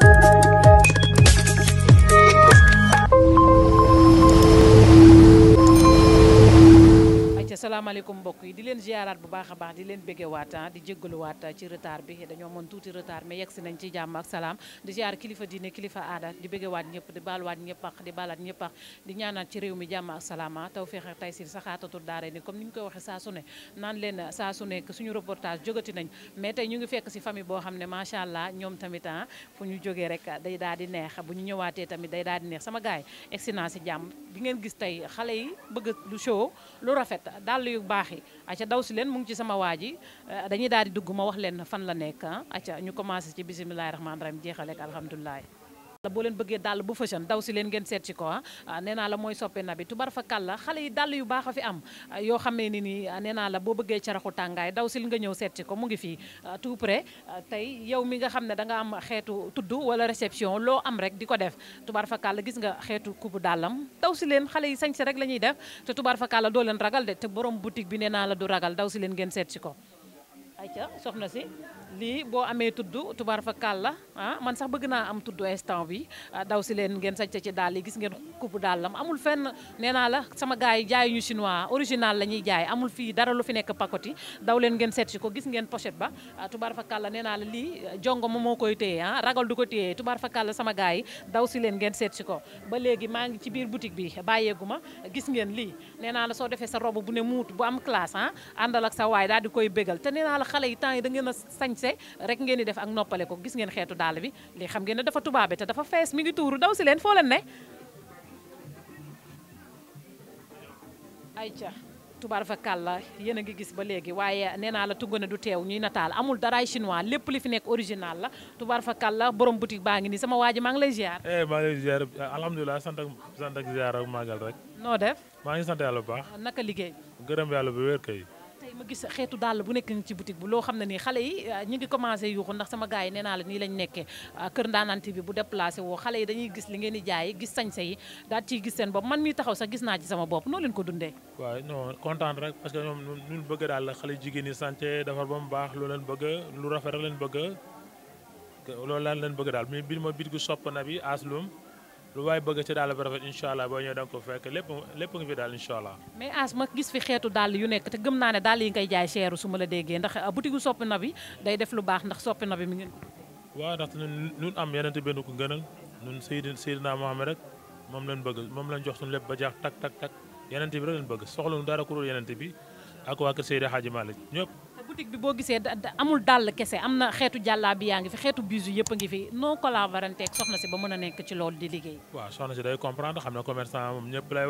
thank you salaamaaleykum mbokk yi di leen ziaraat bu baax a baax di leen béggewaat ah, di jéggaluwaat ah, ci retard bi dañoo mën tuuti retard mais yegg si nañ ci jàmm ak salaam di ziar kilifa kilifa aada di béggewaat ñëpp di baaluwaat ñëpp ak di baalaat ñëpp ak di ñaanaat ci réew mi jàmm ak salaama ah, taw feex ak tay saxaatatul daare ni comme ni ñu koy waxee saa su naan leen saa su nekk suñu reportage jógati nañ mais tey ñu ngi fekk si famille boo xam ne macha allah ñoom tamit ah fu ñu jógee rek day daal di neex bu ñu ñëwaatee tamit day daal di neex sama gaay yi egg si jàmm bi ngeen gis tey xale yi bëgg lu show lu rafet dàll yu baax yi aca daw si leen mu ngi ci sama waa ji eh, dañuy daal di dugg ma wax leen fan la nekk ah aca ñu commencé ci bisimilahi rahmaani rahim jeexaleek alhamdulilah la boo leen bëggee dàll bu fashion daw si leen ngeen seet si ko ah. ah nee naa la mooy soppe na bi tubar fa kàlla xale yi dàll yu baax a fi am ah, yoo xamee ni nii ah, nee naa la boo bëggee caraxu tàngaay daw sil nga ñëw seet si ko mu ngi fii tout près tey yow mi nga xam ne da nga am xeetu tudd wala réception loo am rek di ko def tubar fa kàlla gis nga xeetu kubu dàllam daw si leen xale yi sañse rek la ñuy def te tubar fa kàlla doo leen ragal de te borom boutique bi nee naa la du ragal daw si leen ngeen seet si ko ayca soxna si lii boo amee tudd tubaar fa kàll la ah man sax bëgg naa am tudd instant bi ah, daw si leen ngeen sàcc ci daal yi gis ngeen kubu daal lam amul fenn nee naa la sama gars yi jaay ñu chinois original la ñuy jaay amul fii dara lu fi nekk pakoti daw leen ngeen seet si ko gis ngeen pochette ba ah, tubaar fa kàll la nee naa la lii eh, jongo moo koy téye ah, ragal du ko téye tubaar fa kàll la sama gars yi daw si leen ngeen seet si ko ba léegi maa ngi ci biir boutique bi bàyyeegu ma gis ngeen lii naa la soo defee sa robe bu ne muut bu am classe ah àndal ak sa waay di koy xale yi temps yi da ngeen a sañse rek ngeen di def ak noppale ko gis ngeen xeetu daal bi lii xam ngeen ne dafa tubaabe te dafa fees mi ngi tuuru daw si leen foo leen ne ayca tubaar fa kàlla yéen a ngi gis ba léegi waaye nee naa la tungane du teew ñuy nataal amul daraay chinois lépp li fi nekk original la tubaar fa kàlla borom boutique baa ngi nii sama waa ji maa ngi lay ziar. Eh, maa ngi lay ziar sant ak sant ak ziar rek. noo def. maa ngi sant yàlla yi ma gis xeetu dàll bu nekk ni ci boutique bi loo xam ne nii xale yi euh, ñu ngi commencé yuuxu ndax sama gars yi nee naa la nii lañ nekkee euh, kër ndaanante bi bu déplacé woo xale yi dañuy gis li ngeen di jaay gis sañse yi daal ciy gis seen bopp man mii taxaw sax gis naa ci sama bopp noo leen ko dundee waaw non content rek parce que ñoom ñun bëgg daal xale jigéen yi defar ba mu baax loolu leen lu rafet rek leen bëgg loolu laan leen bëgg daal mais bi lu waay bëgg ci daal ba rafet incha allah boo ñëwee da nga ko fekk lépp lépp nga fi daal incha allah mais gis fi xeetu dàll yu nekk te gëm naa ne dàll yi ngay jaay seeru su ma la déggee ndax euh, butigu soppi na bi day def lu baax ndax soppi na bi mi ngeen ko waaw ndax ñun ñun am yeneen te benn ko gënal ñun Seydina Seydina Mohamed rek moom lañ bëgg moom lañ jox suñu lépp ba jaax tak tak tak yeneen bi rek lañ bëgg soxla ñu dara ku dul yeneen bi ak waa kër Seydi Hadji Malick boutique bi boo gisee amul dàll kese am na xeetu jàllaa yaa ngi fi xeetu bisu yëpp a ngi fi non collaborante ak soxna si ba mën a nekk ci loolu di liggéey. waaw soxna si day comprendre xam ne commerçant moom ñëpp lay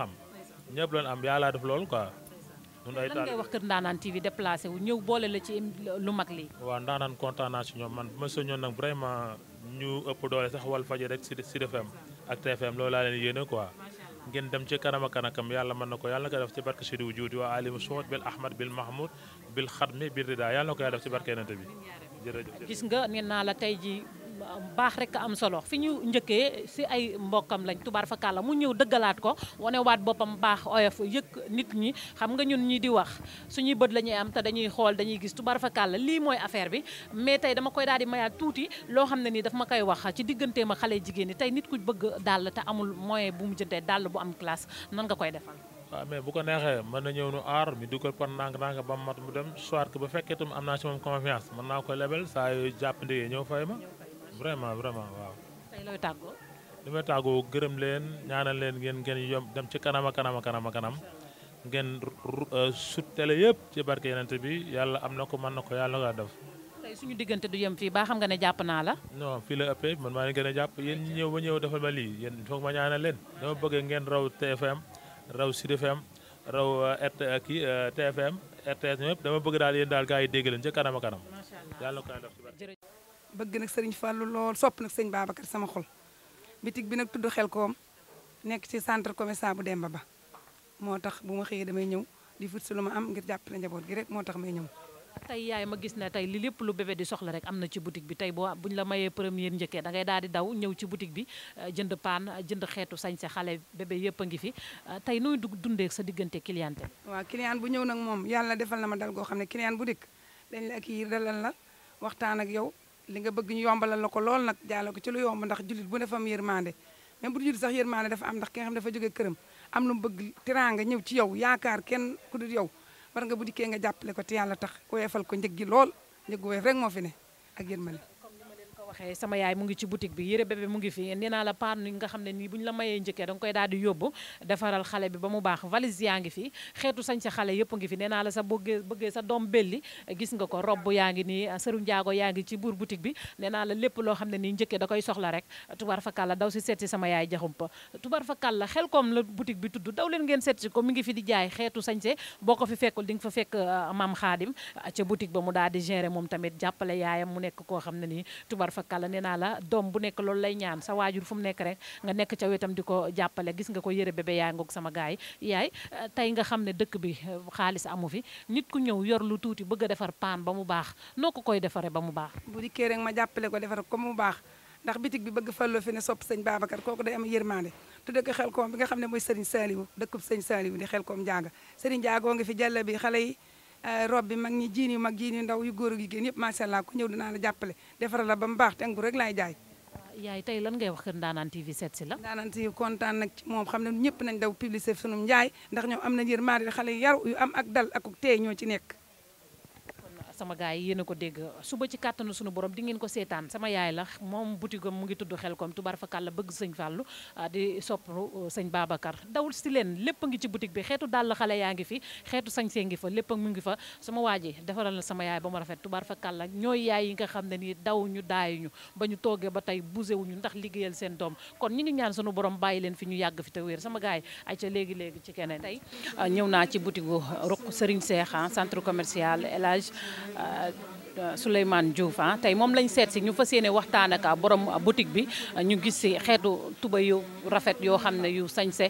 xam. ñëpp lañ def loolu quoi. lan ngay wax kër Ndaanaan TV déplacé ñëw boole la ci lu mag lii. waaw Ndaanaan kontaan si ñoom man bu ma soñoon nag vraiment ñu ëpp doole sax Walfadjri rek si si ak TFM loolu laa leen yéene quoi. ngeen dem ci kanam kanakam yàlla mën na ko yàlla na ko def ci barke Sidi Wujuudi waa alimu suut bil ahmad bil mahmoud bil xadmi bil rida yàlla na ko yàlla def ci barke yonent bi gis nga nee naa la tey ji baax rek am solo fi ñu njëkkee si ay mbokkam lañ tubaar fa kàlla mu ñëw dëggalaat ko wanewaat boppam baax oyof yëg nit ñi xam nga ñun ñi di wax su suñuy bët la ñuy am te dañuy xool dañuy gis tubaar fa kàlla lii mooy affaire bi mais tey dama koy daal di mayaat tuuti loo xam ne nii daf ma koy wax ci diggantee ma xale jigéen ñi tey nit ku bëgg dàll te amul moyen bu mu jëndee dàll bu am classe nan nga koy defal waaw mais bu ko neexee mën na ñëw nu aar mi dugal par ndànk ba mu mat mu dem soit vraiment vraiment waaw. tey looy tàggoo. li may tàggoo gërëm leen ñaanal leen ngeen ngeen yom dem ci kanam a kanam kanam kanam ngeen euh, sut télé yëpp ci barke yenente bi yàlla am na ko mën na ko yàlla na ko def. tey suñu diggante du yem fii ba xam nga ne jàpp naa la. ñoo fii la ëppee man maa ngi gën a jàpp yéen ñëw ba ñëw defal ma lii yéen foog ma ñaana leen. dama bëgg ngeen raw TFM raw Sud FM raw euh, RT euh, kii TFM RTS ñëpp dama bëgg daal yéen daal gaa yi dégg leen ci kanam kanam. bëgg nag sëriñ Fallou lool sopp nag sëñ Babacar sama xol bitig bi nag tudd koom nekk ci centre commerçant bu Demba Ba moo tax bu ma xëyee damay ñëw di fut si lu ma am ngir jàpp jàppale njaboot gi rek moo tax may ñëw. tey yaay ma gis na tey li lépp lu bébé di soxla rek am na ci boutique bi tey boo buñ la mayee première njëkkee dangay ngay daal di daw ñëw ci boutique bi euh, jënd paan jënd xeetu sañse xale bébé yëpp a ngi fi euh, tey nooy dug dundee sa diggante cliente waaw client bu ñëw nag moom yàlla defal na ma dal goo xam ne client bu dikk dañ la ak la waxtaan ak yow li nga bëgg ñu yombalal la ko lool nag jaala ko ci lu yomb ndax jullit bu ne fam yërmande même bu jullit sax yërmande am ndax ki nga xam dafa jóge këram am lu mu bëgg teraanga ñëw ci yow yaakaar kenn ku dul yow war nga bu dikkee nga jàppale ko te yàlla tax woyefal ko njëg gi lool njëg woyef rek moo fi ne ak yërmande waxee sama yaay mu ngi ci boutique bi yére bébé mu ngi fi nee naa la paan yi nga xam ne nii bu ñu la mayee njëkkee da koy daal yóbbu defaral xale bi ba mu baax valise yaa ngi fi xeetu sañ sa xale yëpp ngi fi nee naa la yaa ngi nii sëru njaago yaa ngi ci buur boutique bi nee naa la lépp loo xam ne nii njëkkee da koy soxla rek tubar fa kàlla daw si seet si sama yaay jaxumpa xel koom la bi tudd daw leen ngeen seet si ko mi ngi fi di jaay xeetu sañse boo ko fi fekkul di nga fa fekk euh, maam xaadim ca boutique ba mu daal di gérer moom tamit jàppale yaayam mu nekk koo xam ne nii tubar fakala nee naa la doom bu nekk loolu lay ñaan sa waajur fu nekk rek nga nekk ca wetam di ko jàppale gis nga ko yëre bébé yaa ngoog sama gaay yaay tey nga xam ne dëkk bi euh, fi nit ku ñëw yor lu tuuti bëgg defar paan ba mu baax noo ko koy defaree ba mu baax bu dikkee rek ma jàppale ko defar ko mu baax ndax bitig bi bëgg falloo fi ne sopp sëñ Babacar kooku day am yërmande te dëkk xel koom bi nga xam ne mooy sëriñ Saaliwu dëkkub sëñ Saaliwu di xel koom njaaga sëriñ njaagoo ngi fi jàlle bi xale yi Eh, rob bi mag ñi jiin yu mag jiin yu ndaw yu góor ak jigéen yëpp macha allah ku ñëw dinaa la jàppale defaral la ba mu baax te ngu rek laay jaay. yaay tey lan ngay wax kër Ndaanaan TV seet si la. Ndaanaan TV kontaan nag ci moom xam ne ñëpp nañ daw publicité sunum njaay ndax ñoom am na yërmande xale yu yaru yu am ak dal ak tey ñoo ci nekk sama gars yi yéen ko dégg suba ci kàttanu sunu borom di ko seetaan sama yaay la moom butigam mu ngi tudd xel kom tubar fa kàlla bëgg sëñ Fallou ah, di soppu uh, sëñ Babacar dawul si leen lépp ngi ci boutique bi xeetu dàll xale yaa ngi fi xeetu sañsee ngi fa lépp mu ngi fa sama waa defaral na sama yaay ba mu rafet tubar fa kàlla ñooy yaay yi nga xam ne nii daw ñu daay ñu ba ñu toogee ba tey bougé wuñu ndax liggéeyal seen doom kon ñu ngi ñaan sunu borom bàyyi leen fi ñu yàgg fi te sama gars yi léegi léegi ci keneen tey ah, ñëw naa ci boutique ruq Serigne Cheikh ah, centre commercial Elage Euh, Souleymane Diouf ah tey moom lañ seet si ñu fas yéene waxtaan ak ah, borom ah, boutique bi ah, ñu gis si xeetu tuba yu rafet yoo xam ne yu sañse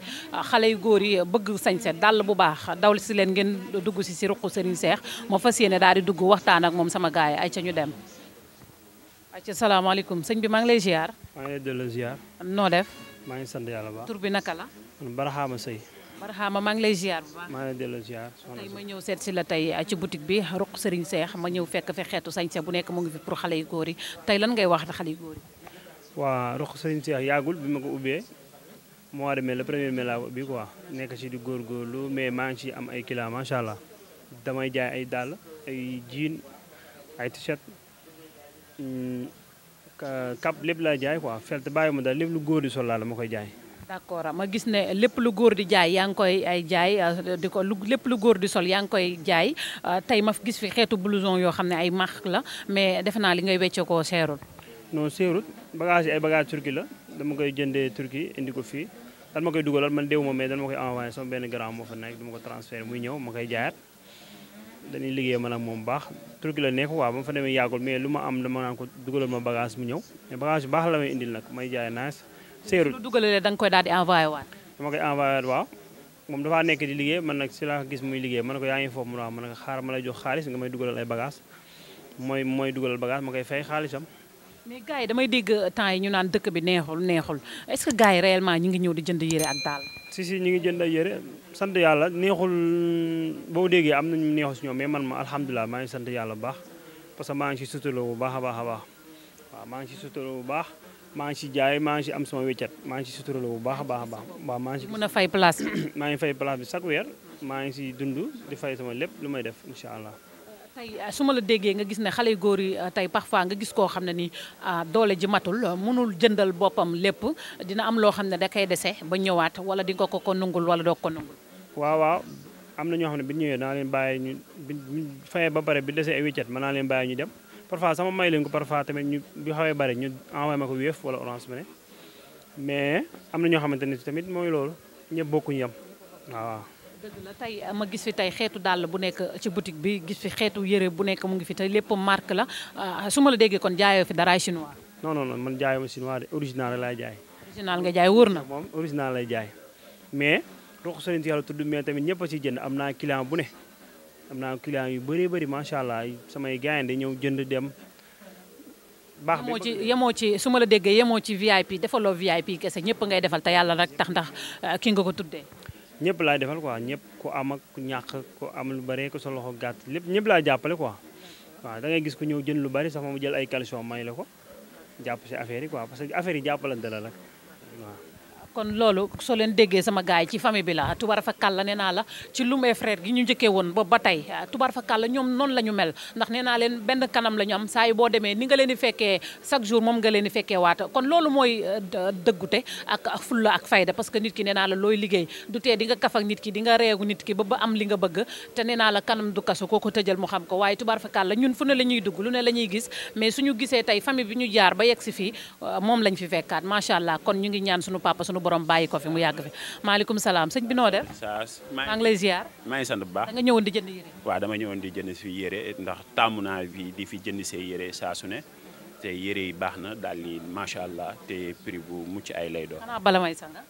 xale yu góor yi bëgg sañse dàll bu baax daw si leen ngeen dugg si si ruqu Serigne Seex moo fas yéene daal di dugg waxtaan ak moom sama gaay ay ca ñu dem. ayca salaamaaleykum sëñ bi maa ngi lay ziar. noo def. maa ngi sant yàlla tur bi naka la. man Barhama Seye. Barhama maa ngi lay ziar bu baax maa ngi ma ñëw seet si la tey ah, ci bi ruq Serigne ma ñëw fekk fi xeetu sañse bu nekk mu ngi fi pour xale tey lan ngay wax da xale yu waa ruq Serigne Seex bi ma ko mois de mai le premier mai laa bi quoi nekk ci di maa ngi ci am ay clients macha allah damay jaay ay dàll ay jean ay t-shirt mm, cap lépp laa jaay quoi felt bàyyi ma daal lépp lu góor di sol laa la ma koy jaay. d' accord ma gis ne lépp lu góor di jaay yaa ngi koy ay jaay euh, di ko lu lépp lu góor di sol yaa ngi koy jaay euh, tey ma gis fi xeetu blouson yoo xam ne ay marque la mais defe naa li ngay wecce koo seerul. non seerul bagage yi ay bagage turki la dama koy jëndee turki indi ko fii dan ma koy dugalal man déwuma mais dan ma koy envoyé sama benn grand moo fa nekk dama ko transféré muy ñëw ma koy jaayaat dañuy liggéey ma ak moom baax turki la nekk waaw ba ma fa demee yàggul mais lu ma am dama naan ko dugalal ma bagage mu ñëw mais bagage baax la may indil nag may jaay nice séerul lu dugalee da nga koy daal di envoyé waat. dama koy envoyé waat waaw moom dafaa nekk di liggéey man nag si laa gis muy liggéey man na ko yaa ngi foofu mu waaw man na ma lay jox xaalis nga may dugalal ay bagage mooy mooy dugalal bagage ma koy fay xaalisam. mais gars yi damay dégg temps yi ñu naan dëkk bi neexul neexul est-ce que gars yi réellement ñu ngi ñëw di jënd yére ak daal. si si ñu ngi jënd ay yére sant yàlla neexul boo déggee am na nañu neexul si ñoom mais man ma alhamdulilah maa ngi sant yàlla bu baax parce que maa ngi si sutura bu baax a baax a baax maa ngi si jaay maa ngi si am sama wéccat maa ngi si suturaloo bu baax a baax a baax waaw ngi si mën a fay place bi maa ngi fay place bi chaque weer maa ngi si dund di fay sama lépp lu may def incha allah tey ah, su ma la déggee nga gis ne xale yu góor yi ah, tey parfois nga gis koo xam ne ni ah, doole ji matul mënul jëndal boppam lépp dina am loo xam ne da kay dese ba ñëwaat wala di nga ko ko nungul wala doo ko nungul waaw waaw am na ñoo xam ne bi ñëwee naa leen bàyyi ñu bi fayee ba pare bi desee ay mën naa leen bàyyi ñu dem parfois sama may leen ko parfois tamit ñu bi xawee bari ñu envoyé ma ko Wave wala Orange Money mais am na ñoo xamante ne tamit mooy loolu ñëpp bokkuñu yam waaw. dëgg la euh, ma gis fi tey xeetu dàll bu nekk euh, ci boutique bi gis fi xeetu yëre bu nekk mu ngi fi te lépp marque la euh, su ma la déggee kon jaayoo fi daraay chinois. non non non man jaayoo ma chinois de original laay jaay. original nga jaay wóor na. moom original lay jaay mais rox sëriñ si yàlla tudd mais tamit ñëpp a si jënd am naa client bu ne. am naa client yu bëree bëri macha allah samay gaynde ñëw jënd dem. baax bi ci yemoo ci su ma la déggee yemoo ci VIP defaloo VIP kese ñëpp ngay defal te yàlla rek tax ndax euh, ki nga ko tuddee. ñëpp laay defal quoi ñëpp ku am ak ku ñàkk ku am lu bare ko sa loxo gàtt lépp ñëpp laay jàppale ko waaw dangay gis ku ñëw jënd lu bari sax moom jël ay calcium may la ko jàpp si affaire yi quoi parce que affaire yi jàppalante la rek kon loolu soo leen déggee sama gaay ci famille bi la tubar fa kàlla nee naa la ci lu mes frère gi ñu njëkkee woon boobu ba tey tubar fa kàlla ñoom la ñu mel ndax nee naa leen benn kanam la ñu am saa boo demee ni nga leen di fekkee chaque jour moom nga leen di fekkee kon loolu mooy euh, dëggute ak parce que nit ki nee naa la looy liggéey du tee nga nit ki di nga reegu nit ki ba am li nga bëgg te nee naa la kanam du ko tëjal mu xam ko waaye tubar fa kàlla ñun fu ne la ñuy dugg lu ne la ñuy gis mais suñu gisee tey famille bi ñu jaar ba yegg si euh, moom lañ fi fekkaat macha allah kon ñu ngi ñaan suñu papa suñu borom bàyyi ko fi mu yàgg fi maaleykum salaam sëñ bi noo def. maa ngi lay ziar. maa ngi sant bu baax da nga ñëwoon waaw dama ñëwoon di jënd si yére ndax taamu naa fi di fi jënd see yére saasu ne te yére yi baax na daal di macha allah te prix bu mucc ay lay doon. xanaa bala may sa nga.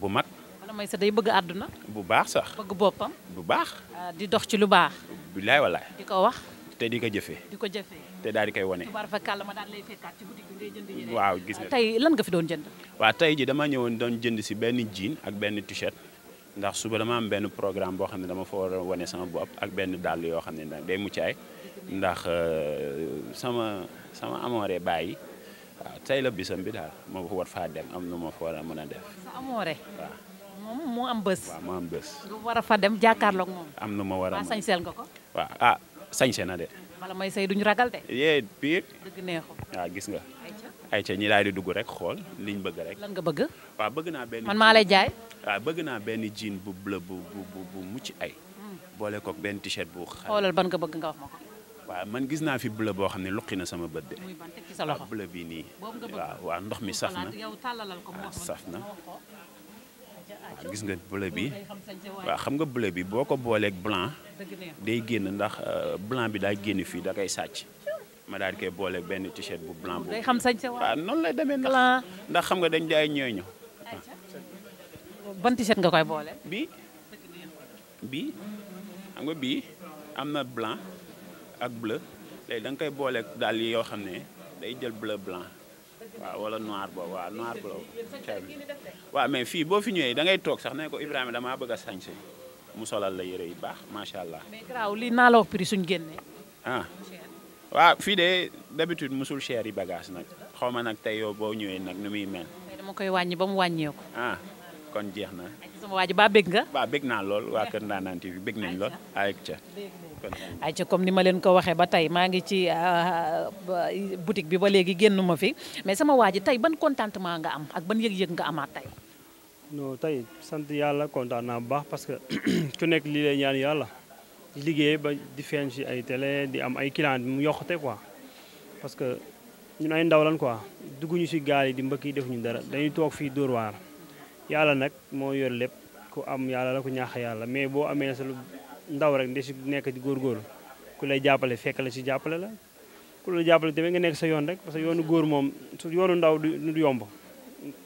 bu mag. bala may sa day bëgg àdduna. bu baax sax bëgg boppam. bu baax. Ah, di dox ci lu baax. bilaay walaay. di ko wax. te di ko jëfee. di ko jëfee. te daal di koy wane. waaw gis nga lan nga fi doon jënd. waaw tey ji dama ñëwoon doon jënd si benn jiin ak benn t-shirt ndax suba dama am benn programme boo xam ne dama fa war a wane sama bopp ak benn dàll yoo xam ne nag day muccaay ndax euh, sama sama amoore bàyyi waaw la bisam bi daal ma war faa dem am nu ma fa war a mën a def. sa amoore. moom moo am bës. waaw am bës. nga war a fa dem jàkkaarloog moom. am nu ma war a sañseel nga ko. ah sañse na bala may sëy duñu ragal de. yee pire. Ah, gis nga. ayca ñi daal di dugg rek xool liñ bëgg rek. lan nga bëgg. waaw bëgg naa benn. man maa lay jaay. waaw ah, bëgg naa benn jean bu bleu bu bu mucc ay. Hmm. boole koog benn t-shirt bu. xoolal ban nga bëgg nga wax ma ko. waaw man gis naa fi bula boo xam ne luqi na sama bët de. muy ban loxo ah, bleu bi nii. waa ndox mi saf na. waaw saf na. gis nga bleu bi waaw xam nga bleu bi boo ko booleek blanc day génn ndax euh, blanc bi daa génn fii da kay sàcc ma daal di koy booleeg benn t-shirt bu blanc boobu. waaw noonu lay demee ndax ndax xam nga dañ jaay ñooñu. ban t nga koy boole. bii bii xam nga bii am na blanc ak bleu léegi da koy booleeg daal yoo xam ne day jël bleu blanc. waaw wala noir boobu waaw noir boobu mais fii boo fi ñëwee da ngay toog sax ne ko Ibrahima damaa bëgg a sañse mu solal la yére yu baax macha allah. mais lii naa la wax suñ suñu génnee. ah waaw fii de d'habitude musul cher i bagage nag xaw ma nag tey yow boo ñëwee nag nu muy mel. dama koy wàññi ba mu wàññeeku. ah. kon jeex na. sama waa baa ba bég nga. waaw bég naa lool waa Kër Ndanane TV bég nañ lool. ayca ca comme ni ma leen ko waxee ba tey maa ngi ci ah, boutique bi ba léegi génn ma fi mais sama waa tey ban contentement nga am ak ban yëg-yëg nga amaa tey. non tey sant yàlla kontaan naa bu baax parce que ku nekk lii lay ñaan yàlla di liggéey ba di feeñ ci ay télé di am ay client mu yokkute quoi parce que ñun ay ndaw lan quoi dugguñu ci gaal yi di mbëkk yi ñu dara dañuy toog fii yàlla nag moo yor lépp ku am yàlla la ku ñaax yàlla mais boo amee sa lu ndaw rek di si nekk ci góorgóorlu ku lay jàppale fekk la si jàppale la ku la jàppale tamit nga nekk sa yoon rek parce que yoonu góor moom su yoonu ndaw du yomb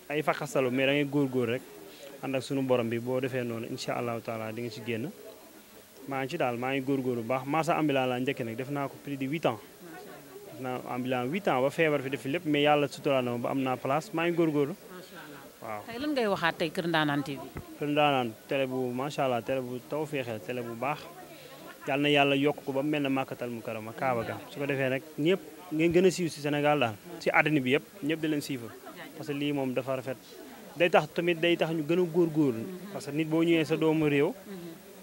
ay faqasalu mais da ngay góorgóor rek ànd ak sunu borom bi boo defee noonu incha allahu taala di nga si génn maa ngi ci daal maa ngi góorgóorlu bu baax marché ambulant laa njëkk nag def naa ko plus de huit ans def naa ambulant huit ans ba feebar fi def lépp mais yàlla suturaal na ma ba am naa place maa ngi góorgóorlu waaw tey lan ngay waxaat tey Kër Ndaanaan TV. Kër Ndaanaan télé bu macha allah télé bu taw féexee tele bu baax yal na yàlla yokk ko ba mu mel ne màkkatal mu ma kaaba ga su ko defee rek ñëpp ngeen gën a siiw si Sénégal daal si àddina bi yëpp ñëpp di leen siifa parce que lii moom dafa rafet day tax tamit day tax ñu gën a góorgóorlu parce que nit boo ñëwee sa doomu réew.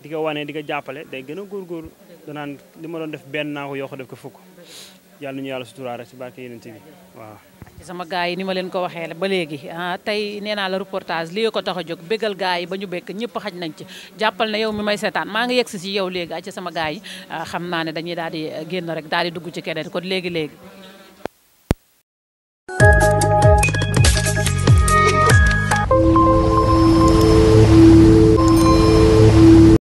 di ko wane di ko jàppale day gën a góor góor danaan li ma doon def benn naa yoo ko ko fukk yàlla ñu yàlla suturaale si barke yeneen bi waaw. sama gars yi ni ma leen ko waxee ba léegi ah, tey nee naa la reportage lii ko tax a jóg bégal gars yi ba ñu bekk ñëpp xaj nañ ci jàppal na yow mi may seetaan maa ngi yegsi si yow léegi ci sama gars yi ah, xam naa ne dañuy daal di génn rek daal di dugg ci keneen kon léegi léegi